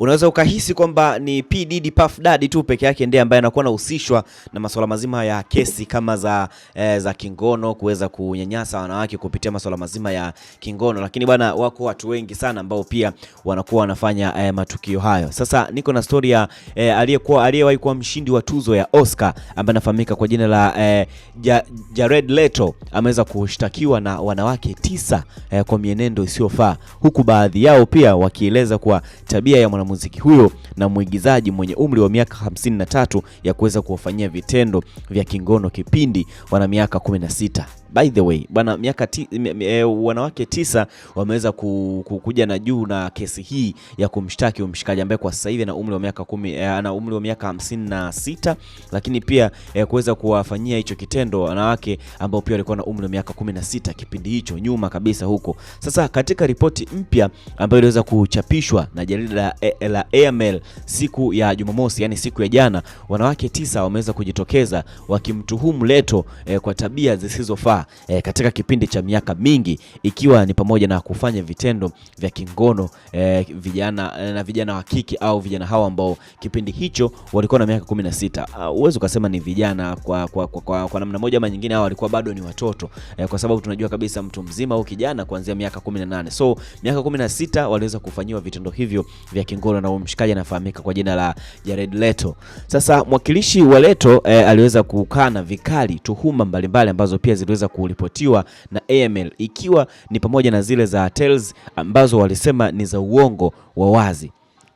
unaweza ukahisi kwamba ni P Diddy Puff Daddy tu peke yake ndiye ambaye anakuwa anahusishwa na masuala mazima ya kesi kama za, eh, za kingono kuweza kunyanyasa wanawake kupitia masuala mazima ya kingono, lakini bwana, wako watu wengi sana ambao pia wanakuwa wanafanya eh, matukio hayo. Sasa niko na story ya eh, aliyekuwa aliyewahi kuwa mshindi wa tuzo ya Oscar ambaye anafahamika kwa jina la eh, ja, Jared Leto ameweza kushtakiwa na wanawake tisa eh, kwa mienendo isiyofaa, huku baadhi yao pia wakieleza kuwa tabia ya mwana mwanamuziki huyo na mwigizaji mwenye umri wa miaka 53 ya kuweza kuwafanyia vitendo vya kingono kipindi wana miaka 16 by the way bwana, miaka ti, e, wanawake tisa wameweza ku, ku, kuja na juu na kesi hii ya kumshtaki umshikaji ambaye kwa sasa hivi ana umri wa miaka kumi, e, ana umri wa miaka hamsini na sita, lakini pia e, kuweza kuwafanyia hicho kitendo wanawake ambao pia walikuwa na umri wa miaka kumi na sita kipindi hicho nyuma kabisa huko. Sasa katika ripoti mpya ambayo iliweza kuchapishwa na jarida la, la AML siku ya Jumamosi, yani siku ya jana, wanawake tisa wameweza kujitokeza wakimtuhumu Leto e, kwa tabia zisizofaa kadhaa eh, e, katika kipindi cha miaka mingi ikiwa ni pamoja na kufanya vitendo vya kingono e, vijana eh, na vijana wa kike au vijana hao ambao kipindi hicho walikuwa na miaka 16. Uwezo uh, ukasema ni vijana kwa, kwa, kwa, kwa, kwa namna moja ama nyingine, hao walikuwa bado ni watoto e, kwa sababu tunajua kabisa mtu mzima au kijana kuanzia miaka 18, so miaka 16 waliweza kufanyiwa vitendo hivyo vya kingono, na mshikaji anafahamika kwa jina la Jared Leto. Sasa mwakilishi wa Leto e, aliweza kukana vikali tuhuma mbalimbali mbali ambazo pia ziliweza kuripotiwa na AML ikiwa ni pamoja na zile za Hotels ambazo walisema ni za uongo wa wazi.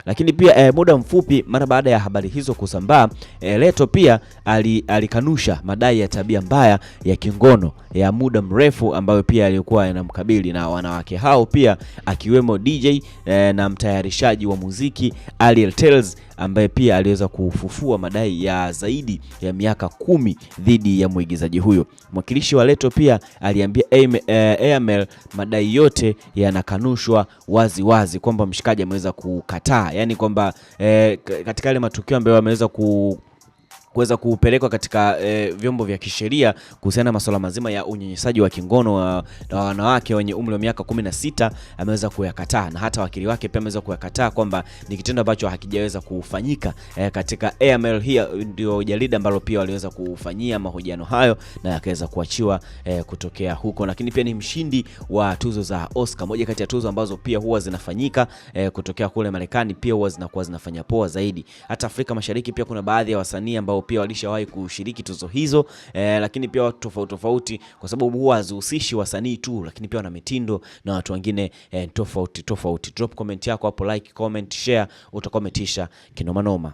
Lakini pia e, muda mfupi mara baada ya habari hizo kusambaa e, Leto pia alikanusha madai ya tabia mbaya ya kingono ya muda mrefu ambayo pia alikuwa yanamkabili na wanawake hao pia akiwemo DJ e, eh, na mtayarishaji wa muziki Ariel Tels ambaye pia aliweza kufufua madai ya zaidi ya miaka kumi dhidi ya mwigizaji huyo. Mwakilishi wa Leto pia aliambia AML madai yote yanakanushwa waziwazi kwamba mshikaji ameweza kukataa yani kwamba eh, katika yale matukio ambayo wameweza ku kuweza kupelekwa katika e, vyombo vya kisheria kuhusiana na masuala mazima ya unyanyasaji wa kingono wa, na wanawake wenye umri wa miaka 16 ameweza kuyakataa, na hata wakili wake pia ameweza kuyakataa kwamba ni kitendo ambacho hakijaweza kufanyika e, katika AML. Hii ndio jarida ambalo pia waliweza kufanyia mahojiano hayo na yakaweza kuachiwa e, kutokea huko, lakini pia ni mshindi wa tuzo za Oscar, moja kati ya tuzo ambazo pia huwa zinafanyika e, kutokea kule Marekani, pia huwa zinakuwa zinafanya poa zaidi. Hata Afrika Mashariki pia kuna baadhi ya wasanii ambao pia walishawahi kushiriki tuzo hizo eh, lakini pia watu tofauti tofauti, kwa sababu huwa hazihusishi wasanii tu, lakini pia wana mitindo na watu wengine eh, tofauti tofauti. Drop comment yako hapo, like, comment, share, utakometisha kinomanoma.